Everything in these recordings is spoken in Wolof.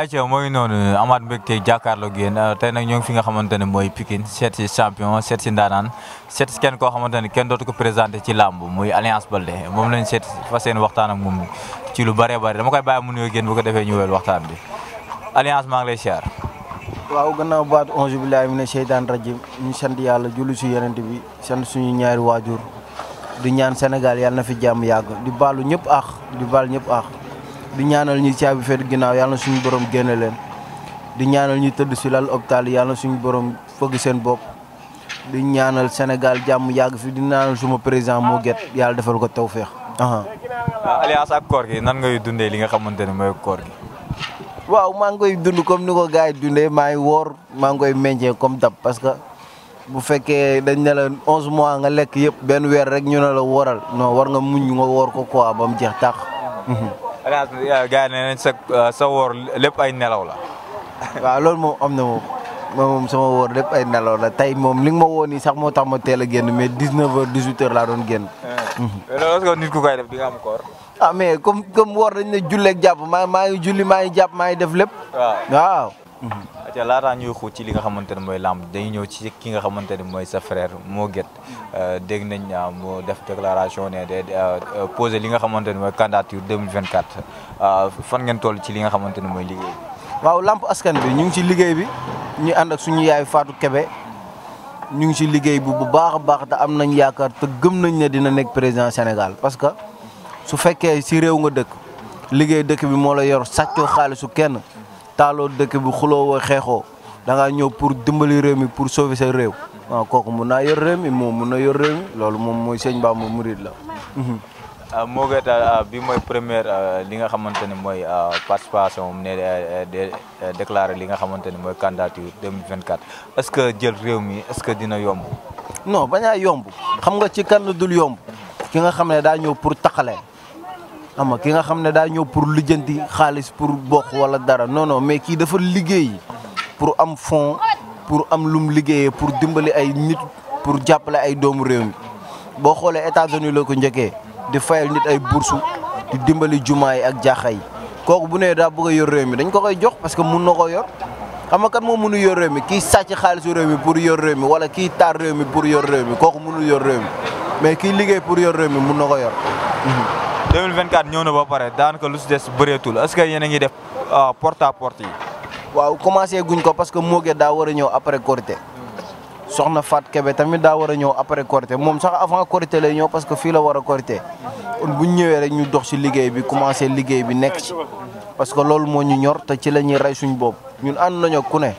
ayca moy nonu amad mbégte jakar lo euh, tey nag nak ñong fi nga xamantene moy mooy Pikine seet si champion set ci ndaanaan set si kenn koo xamante ne kenn ko présenté ci lamb moy Alliance Baldé mom lañ set fasen seen waxtaan ak mom ci lu bare bare dama koy baye mu nuyoo génn bu ko defee ñu wël waxtaan bi Alliance ma ngi lay xiar waaw gannaaw baat onze billahi min shaytan rajim ñu sant yalla jullu ci yenen bi sant suñu ñaari wajur di ñaan senegal yalla na fi jamm yag di balu ñep ax di bal ñep ax di ñaanal ñi caabi fet ginnaaw yàlla na suñu borom génne leen di ñaanal ñi tëdd si lal hôpital yàlla na suñu borom fëgg seen bopp di ñaanal Sénégal jàmm yàgg fi di ñaanal suma président moo get yàlla defal ko feex waaw Alias ak koor gi nan ngay dundee li nga xamante ne mooy koor gi. waaw maa ngi koy dund comme ni ko gars yi dundee maa ngi woor maa ngi koy meññee comme dab parce que bu fekkee dañ ne la onze mois nga lekk yëpp benn weer rek ñu ne la wooral noo war nga muñ nga woor ko quoi ba mu jeex tàq. alaas gars yi nañ sa euh, sa woor lépp ay nelaw la. waaw loolu moom am na moom moom sama woor lépp ay nelaw la tey moom li nga ma woo nii sax moo tax ma teel a génn mais 19h 18h laa doon génn. Eh, loolu est-ce que am koor. ah mais comme comme woor dañ ne julleeg jàpp maa maa ngi julli maa ngi jàpp maa ngi def lépp. waaw. te laataa ñuy xuus ci li nga xamante ne mooy làmb dañuy ñëw ci ki nga xamante ne mooy sa frère moo gét euh, dégg nañ euh, moo def déclaration ne de euh, posé li nga xamante ne mooy candidature 2024 fan ngeen toll ci li nga xamante ne mooy liggéey waaw làmb askan bi ñu ngi ci liggéey bi ñu ànd ak suñu yaay Fatou Kebe ñu ngi si liggéey bi bu baax a baax te am nañ yaakaar te gëm nañ ne dina nekk président Sénégal parce que su fekkee si réew nga dëkk liggéey dëkk bi moo la yor sàccoo xaalisu kenn. taaloo dëkk bi xuloo wa xeexoo da ngaa ñëw pour dimbali réew mi pour sauver sa réew waaw kooku mun naa yor réew mi moom mun na yor réew loolu moom mooy ba Bamba Mouride la. Mhm. Ah, moo gën ah, bi mooy première ah, li nga xamante ne mooy participation am ne eh, de eh, déclaré li nga xamante ne mooy candidature 2024 est-ce que jël réew mi est-ce que dina yomb. non bañaa yomb xam nga ci kan dul yomb ki nga xam ne daa ñëw pour taxalee. xam nga ki nga xam ne daa ñëw pour lijjanti xaalis pour bokk wala dara non non mais kii dafa liggéey pour am fond pour am lum liggéeyee pour dimbali ay nit pour jàppale ay doomu réew mi boo xoolee États-Unis la ko njëkkee di fayal nit ay bourse di dimbali jumaay ak jaaxa yi kooku bu nee daa bëgg a yor réew mi dañ ko koy jox parce que mun na ko yor xam nga moo mënu yor réew mi kii sàcc xaalisu réew mi pour yor réew mi wala kii taar réew mi pour yor réew mi kooku mënul yor mais kii liggéey pour yor réew mi mun na ko yor 2024 ñëw na ba pare daanaka lu si des bëreetul est que yéen a def euh, porte à porte yi. waaw commencé guñ ko parce que Mogué daa war a ñëw après Korité soxna faat kebe tamit daa war a ñëw après Korité moom sax avant Korité lay ñëw parce que fii la war a Korité bu ñu ñëwee rek ñu dox si liggéey bi commencé liggéey bi nekk ci parce que loolu moo ñu ñor te ci la ñuy rey suñ bopp ñun ànd nañu ku ne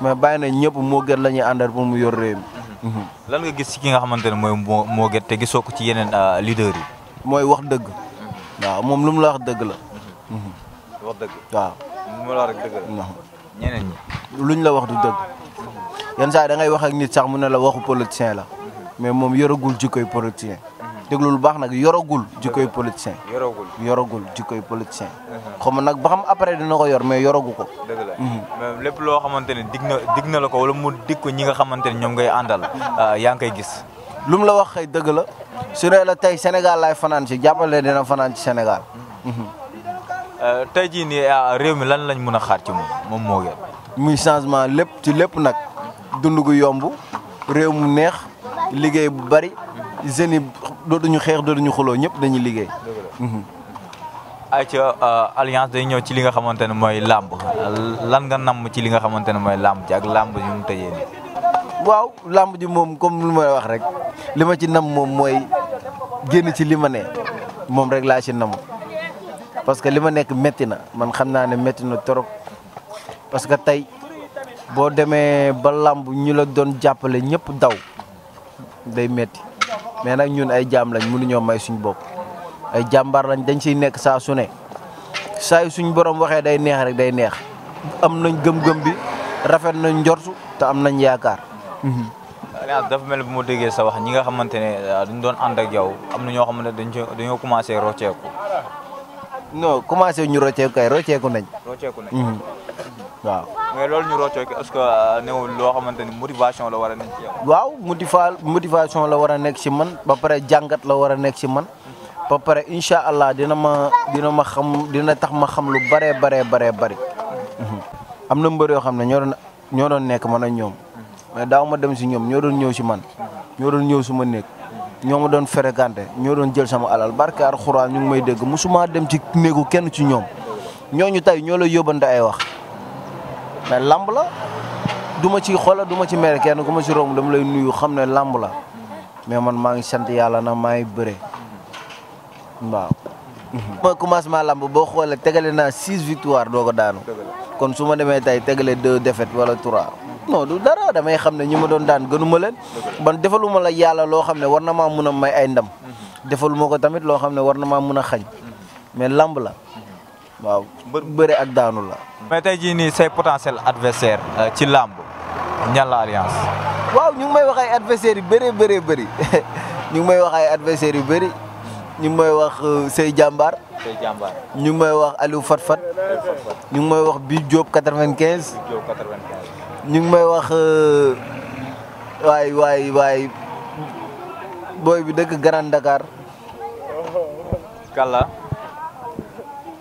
mais bàyyi na ñëpp Mogué la ñuy àndal pour mu yor réew mi. lan nga gis ci ki nga xamante ne mooy Mogué te gisoo ko ci yeneen euh, leader yi. mooy wax dëgg. waaw moom lu mu la wax dëgg la. wax dëgg. waaw lu mu la wax ñeneen ñi. luñ la wax du dëgg. yenn saa da ngay wax ak nit sax mu ne la waxu politicien la. mais moom yoragul jikkoy politicien. déglu lu baax nag yoragul jikkoy politicien. yoragul yoragul jikkoy politicien. xaw ma nag ba xam après dina ko yor mais yoragu ko. dëgg la mhm. mais lépp loo xamante ne dig na dig na la ko wala mu dig ko ñi nga xamante ne ñoom ngay àndal ah, yaa ngi koy gis. lum la wax xëy dëgg la su la tey Sénégal laay fanaan si jàppale dina fanaan ci Sénégal. Euh, tey jii nii ah, réew mi lan lañ mën a xaar ci moom moom moo gën. muy changement lépp ci lépp nag dund gu yomb réew mu neex liggéey bu bari jeunes yi dootuñu xeex dootuñu xuloo ñëpp dañuy liggéey. Mhm. ayca euh, alliance day ñëw ci li nga xamante ne mooy làmb lan nga namm ci li nga xamante ne mooy làmb ji ak làmb yu mu tëjee nii. waaw làmb ji moom comme lu may wax rek li ma ci nam moom mooy génn ci li ma ne moom rek laa ci nam parce que li ma nekk métti na man xam naa ne métti na trop parce que tey boo demee ba làmb ñu la doon jàppale ñëpp daw day métti mais nag ñun ay jaam lañ mënuñoo may suñ bopp ay jàmbaar lañ dañ siy nekk saa su ne saa yu suñ borom waxee day neex rek day neex am nañ gëm-gëm bi rafet nañ njortu te am nañ yaakaar dafa mel bu mu déggee sa wax ñi nga xamante ne ah, dañ doon ànd ak yow am na ñoo xamante ne dañoo dañoo commencé rocceeku. non commencé ñu rocceeku kay rocceeku nañ. rocceeku nañ. Mhm. waaw. mais loolu ñu rocceeku est que ah, newul loo xamante ni motivation la war a nekk ci yow. waaw motiva motivation la war a nekk si man ba pare jàngat la war a nekk si man. ba pare incha allah dina ma dina ma xam dina tax ma xam lu baree baree baree bari. Mhm. am na mbër yoo xam ne ñoo doon ñoo nekk man a ñoom. mais daaw ma dem si ñoom ñoo doon ñëw si man ñoo doon ñëw suma néeg ñoo ma doon fréquenté ñoo doon jël sama alal barke alxuraan ñu ngi may dégg musuma dem ci néegu kenn ci ñoom ñu tey ñoo lay yóbbante ay wax mais lamb la duma ma ci duma du ma ci mere kenn ku ma si romb dama lay nuyu xam ne lamb la mais man maa ngi sant yàlla na maa ngi bëre waaw mooy commencement lamb boo xoolee tegale naa six victoire doo ko daanu kon su ma demee tey tegale deux défaites wala trois non du dara damay xam ne ñi ma doon daan gënuma leen ban defaluma la yàlla loo xam ne war na maa mun a may ay ndam defaluma ko tamit loo xam ne war na maa mun a xañ mais lamb la waaw bëre ak daanu la mais tey jii nii say potentiel adversaire euh, ci lamb ñan la alliance waaw ñu may wax ay yu bëree bëree bëri ñu ngi may wax ay adversaires yu bëri ñu may wax Sey Jàmbaar. Sey ñu may wax Aliou Fatfat. Aliou ñu ngi may wax Bi Diop 95. Bi Diop ñu ngi may wax waay waay waay booy bi dëkk Grand Dakar. Kalla.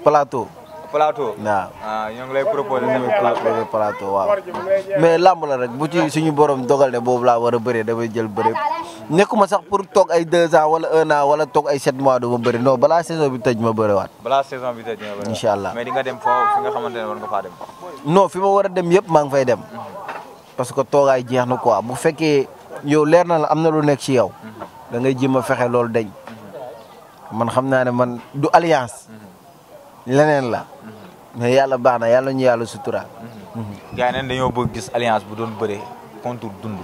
Plateau. plateau waaw ah ñoo ngi lay proposé tamit plateau waaw mais làmb la rek bu ci suñu borom dogal ne boobu laa war a bëree damay jël bëri. nekkuma sax pour toog ay deux ans wala un wala toog ay sept mois du ma bëri non balaa saison bi tëj ma bëriwaat. balaa saison bi tëj ma bëriwaat incha allah mais di nga dem foo fi nga xamante ne war nga faa dem. non fi ma war a dem yëpp maa ngi fay dem. parce que toogaay jeex na quoi bu fekkee yow leer na la am na lu nekk ci yow. da ngay jéem a fexe loolu dañ. man xam naa ne man du alliance. leneen la. mais yàlla baax na yàlla ñu yàlla suturaal. gars yi dañoo bëgg gis alliance bu doon bëree contre dund.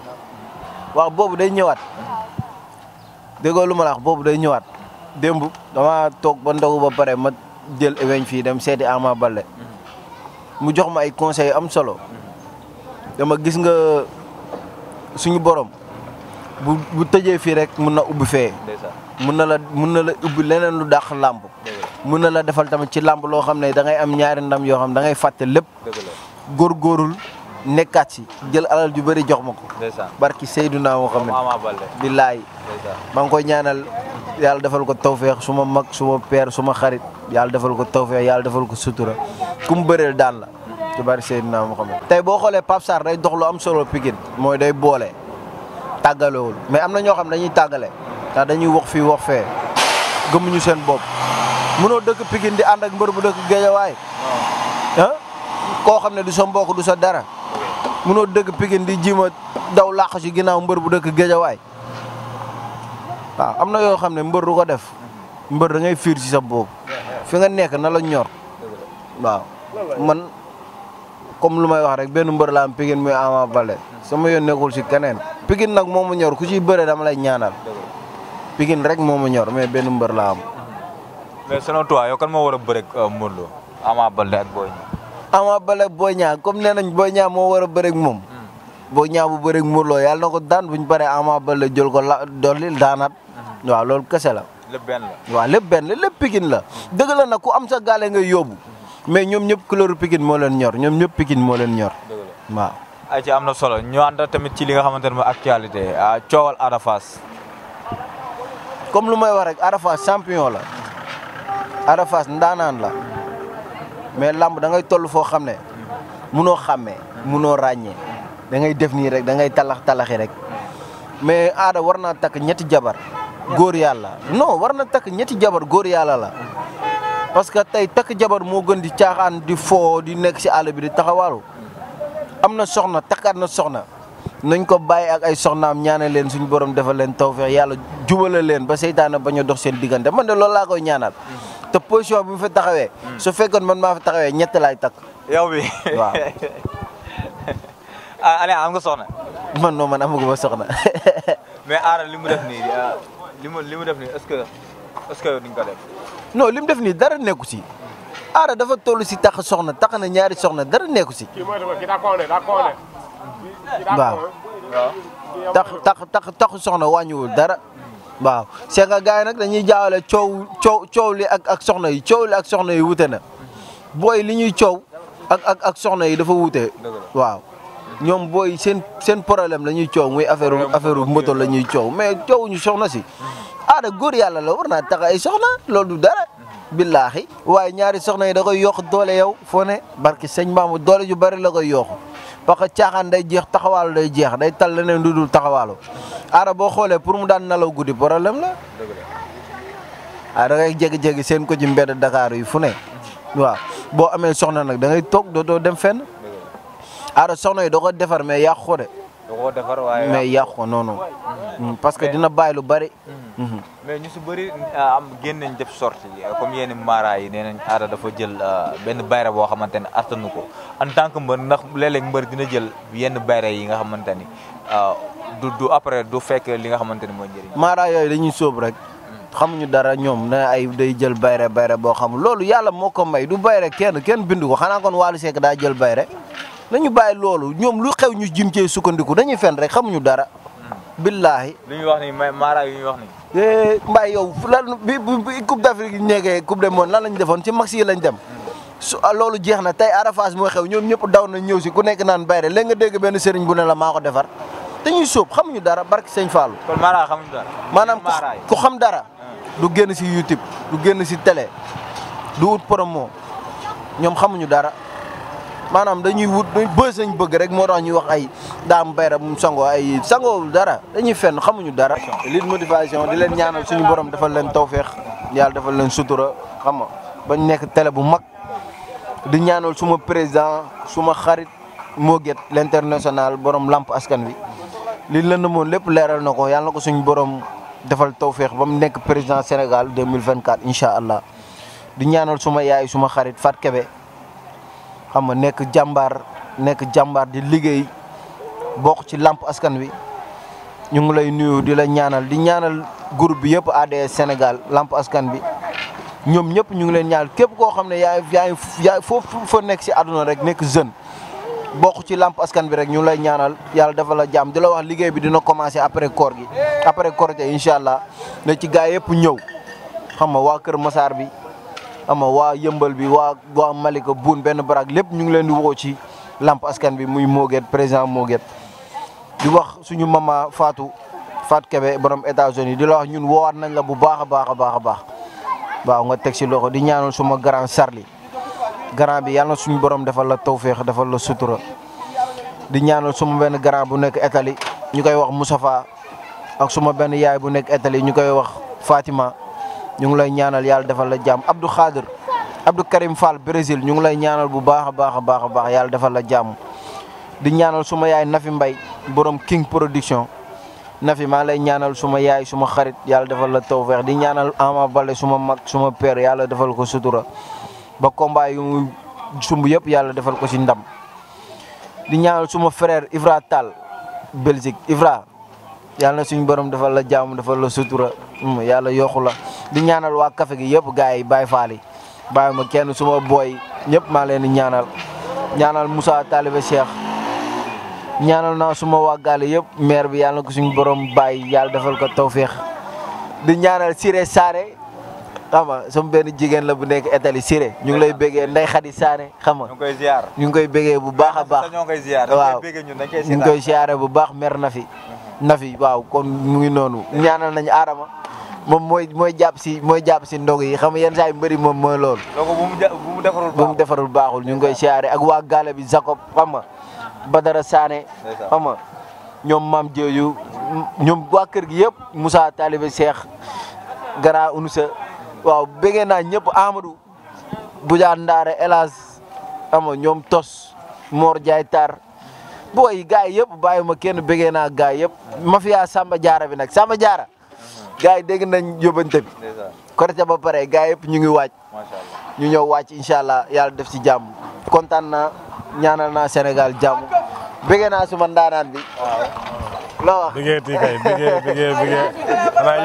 waaw boobu day ñëwaat déggoo lu ma boobu day ñëwaat démb dama toog ba ndogu ba pare ma jël éveñ fii dem seeti Ama bale mu jox ma ay conseils am solo dama gis nga suñu borom bu tëjee fii rek mun na ubbi fee mun na la mun na la ubbi leneen lu dàq làmb mun na la defal tamit ci làmb loo xam ne dangay am ñaari ndam yoo xam da ngay fàtte lépp góorul nekkaat ci jël alal ju bari jox mako barki sayyiduna Muhammad billaahi maa ngi koy ñaanal yalla defal ko tawfiq suma mag suma père suma xarit yalla defal ko tawfiq yalla defal ko sutura kum beurel bëreel daan la ci bari Seydunaa Muhammad tay bo xolé pap sar day dox lu am solo Pikine moy day bolé tàggalewul mais amna ño xam dañuy tagalé da dañuy wax fi wax fee gëmuñu seen bop mëno dëkk Pikine di and ak mbeur bu dëkk Géejawaay ko xamne du sa mbokk du sa dara mëno dëgg pigen di jima daw laax ci ginaaw mbeur bu dëkk Géejawaay way amna yo xamne mbeur ne ko def mbeur da ngay fiir ci sa bopp fi nga nekk na la ñor waaw man comme lu may wax rek benn mbeur la am pigen muy Ama balé sama yoon nekkul ci kenen pigen nak momu ñor ku ci bëre dama lay ñaanal pigen rek momu ñor mais benn mbeur la am. mais selon toi yo kan mo wara bëre ak euh, Modou Lo Ama balé ak Boy Ama bala boña kom Niang comme nee nañ Boy Niang moo war ak bu bëre ak Lo yalla nako daan bu Ama bala jël ko la dolli wa hmm. waaw loolu la. le ben la wa le ben la lépp Pikine la. Hmm. deug la nak ku am sa galé nga yobbu hmm. mais ñom ñep couleur Pikine mo leen ñor ñom ñep Pikine mo leen ñor. wa ay ci amna solo ñu anda tamit ci li nga xamantene mo actualité a ah, ciowal arafas comme lu may wax rek arafas champion la arafas Fass la. mais làmb da ngay toll foo xam ne munoo xàmmee munoo ràññee da ngay def nii rek da ngay talax talaxi rek mais aada war naa takk ñetti jabar góor yàlla no war na takk ñetti jabar góor yàlla la parce que tey takk jabar moo gën di caaxaan di foo di nekk si àll bi di taxawaalu am na soxna takkaat na soxna nañ ko bàyyi ak ay soxnaam ñaanal leen suñu borom defal leen tawfeex yàlla jubale leen ba seytaane bañ a dox seen diggante man de loolu laa koy ñaanal. te position bi mu fa taxawee. su fekkoon man maa fa ñett laay takk. yow bi waaw. ah Alioune am nga soxna. man non man amagu ma mais Aara li mu def nii ah, li mu li mu def nii est-ce que est-ce que yow duñ ko def. non li mu def nii dara nekku si. Aara dafa toll si tax soxna tax na ñaari soxna dara nekku si. waaw tax tax tax taxu soxna wàññiwul dara waaw c'est que gars yi nag dañuy jaawale coow coow coow li ak ak soxna yi coow li ak soxna yi wute na booy li ñuy coow ak ak ak soxna yi dafa wute waaw ñoom booy seen seen problème la ñuy coow muy affaire affaire moto la ñuy coow mais coow soxna si aada góor yàlla la war naa tax ay soxna loolu du dara billaahi waaye ñaari soxna yi da yok doole yow foo ne barki sëñ maamu doole ju bari la koy yokk parce que caaxaan day jeex taxawaalu day jeex day tal leneen lu dul taxawaalu aada boo xoolee pour mu daan nalaw guddi problème la. ah da ngay jékki-jékki seen ko ci mbedd Dakar yi fu ne waaw boo amee soxna nag da ngay toog doo dem fenn aada soxna yi doo ko defar mais yàqu de. mais yàqu ko non mm. Mm, parce que dina bàyyi lu bari. Mm. Mm-hmm. mais ñu si bëri euh, am génn nañ def sorti comme yenn mara yi nañ aada dafa jël euh, benn bayra boo xamante ne attanu ko en tant que mbër ndax léeg mbër dina jël yenn bayra yi nga xamante ni euh, du du après du fekk li nga xamante ni mooy njëriñ. mara yooyu dañuy sóob rek. xamuñu dara ñoom ne ay day jël bayre bayre boo xam loolu yàlla moo ko may du bayre kenn kenn bindu ko xanaa kon Wally Seck daa jël bayre nañu bàyyi loolu ñoom lu xew ñu jim cee sukkandiku dañuy fen rek xamuñu dara. Hmm. billaahi li ñuy wax ni maara yi ñuy wax ni eh, mbaay yow lan bi bi coupe d'Afrique yi nekkee coupe du nan lan lañ defoon ci max yi lañ dem. Hmm. su ah, loolu jeex na tey arafas moo xew ñoom ñëpp daw na ñëw si ku nekk naan bayre léegi nga dégg benn sëriñ bu ne la maa ko defar dañuy sóob xamuñu dara barki sëñ Fallou. kon maara xamuñu dara. maanaam ku xam dara. Hmm. du génn si YouTube du génn si télé du ut promo ñoom xamuñu dara. maanaam dañuy wut bës lañ bëgg rek moo tax ñuy wax ay daam bayra bu sangoo ay sangoo dara dañuy fenn xamuñu dara. lii motivation di leen ñaanal suñu borom defal leen tawféex yàlla defal leen sutura xam nga nekk tele bu mag di ñaanal suma président suma xarit moo gét l'international borom lamp askan wi. li lënd moon lépp leeral na ko yàlla na ko suñu borom defal tawféex ba mu nekk président Sénégal deux mille 2024 incha allah di ñaanal suma yaay suma xarit Fatou Kébé xam nga nekk jàmbaar nekk jàmbaar di liggéey bokk ci làmp askan wi ñu ngi lay nuyu di la ñaanal di ñaanal groupe bi yëpp ADS Sénégal lamp askan bi ñoom ñëpp ñu ngi leen ñaanal képp koo xam ne yaay yaay yaay nekk si àdduna rek nekk jeune bokk ci lamp askan bi rek ñu ngi lay ñaanal yàlla dafa la jàmm di la wax liggéey bi dina commencé après koor gi après Korité incha allah ne ci gaa yëpp ñëw xam nga waa Kër Massar bi. ama wa yembal bi wa wa maliko bun ben barak lepp ñu ngi leen di wo ci lamp askan bi muy moget president moget di wax suñu mama fatou fat kebe borom etats unis di la wax ñun labu nañ la bu baaxa baaxa baaxa baax waaw nga tek ci loxo di ñaanal suma grand charlie grand bi yalla suñu borom defal la tawfiq defal la sutura di ñaanal suma ben grand bu nek italie ñukay wax moustapha ak suma ben yaay bu nek italie ñukay wax fatima ñu ngi lay ñaanal yàlla defal la jàmm Abdou Khadir Abdou Karim Fall Brésil ñu ngi lay ñaanal bu baax a baaxa a baax a yàlla defal la jàmm di ñaanal suma yaay Nafi mbay borom King Production Nafi maa lay ñaanal suma yaay suma xarit yàlla defal la tawfeex di ñaanal Ama Baldé suma mag suma père yàlla defal ko sutura ba combat yu muy sumb yëpp yàlla defal ko ci ndam di ñaanal suma frère Ibra Tall Belgique Ibra yàlla na suñu borom defal la jàmm defal la sutura mm, yàlla yokku la. di ñaanal wa café gi yépp gaay yi Baye Fall yi ma kenn suma boy ñépp ma leen ñaanal ñaanal Moussa Talibé Cheikh ñaanal na suma wa gal yépp maire bi yalla ko suñu borom bay yalla defal ko tawfiq di ñaanal Siré Saré xam nga sama benn jigen la bu nek Italie Siré ñu ngi lay béggee Ndey Xadi Saare xam nga ñu koy ziar ñu ngi koy béggee bu baax baax ñu koy ziar ñu koy waaw ñu dañ koy ziare bu baax mer na fi na fi waaw kon mu ngi nonu ñaanal nañu Adama moom mooy mooy jàpp si mooy jàpp si ndog yi xam nga yenn saa yu mbëri moom mooy loolu. donc defarul baaxul bu mu defarul baaxul ñu ngi koy siyaare ak waa gaale bi Jacob xam nga Badara Sané. xam nga ñoom maam Diédhiou ñoom waa kër gi yëpp Moussa Talibé Cheikh Gara Unusa waaw bëggee naa ñëpp Amadou Boudia Ndaare Elas xam nga ñoom Tos Mor Jaay Tar booy yi gars yi yëpp bàyyi ma kenn bëggee naa gars yëpp mafia Samba Diarra bi nag Samba jaara gars yi dégg nañ yóbbante bi Korité ba pare gars yëpp ñu ngi waaj ñu ñëw waaj incha allah yàlla def ci jàmm kontaan naa ñaanal naa Sénégal jàmm bëggee naa suma ndaanaan bi loo wax bëggee tii kay bëggee bëggee bëggee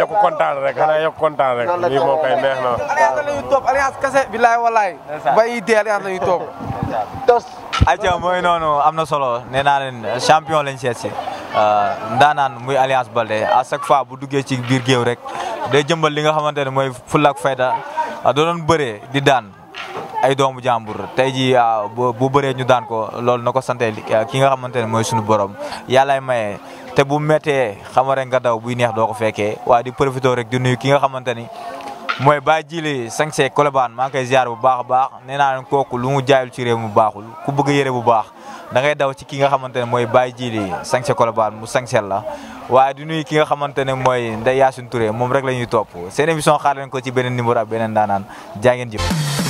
yokk kontaan rek xanaa yokk kontaan rek lii moo koy neex na alliance lañuy toog alliance tos aca mooy noonu am na solo nee naa leen champion lañ seet si Euh, ndaanaan muy Alliance Baldé a chaque fois bu duggee ci biir géew rek day jëmbal li nga xamante ne mooy fulla ak fayda euh, doon bëree di daan ay doomu jàmbur tey ji euh, bu bëree ñu daan ko loolu na ko sante ki nga xamante ne mooy suñu borom yàllaay maye te bu méttee xama rek nga daw buy neex doo ko fekkee waa di profité rek di nuyu ki nga xamante ni mooy Baye Jili Sanse Colobane maa ngi koy bu baax a baax nee naa kooku lu mu jaayul ci réew mu baaxul ku bëgg yére bu baax da ngay daw ci ki nga xamante ne mooy Baye Jili Sanse Colobane mu sansel la waaye di nuyu ki nga xamante ne mooy Ndeye Yacine moom rek la ñuy topp seen émission xaar leen ko ci beneen numéro ak beneen daanaan jaa ngeen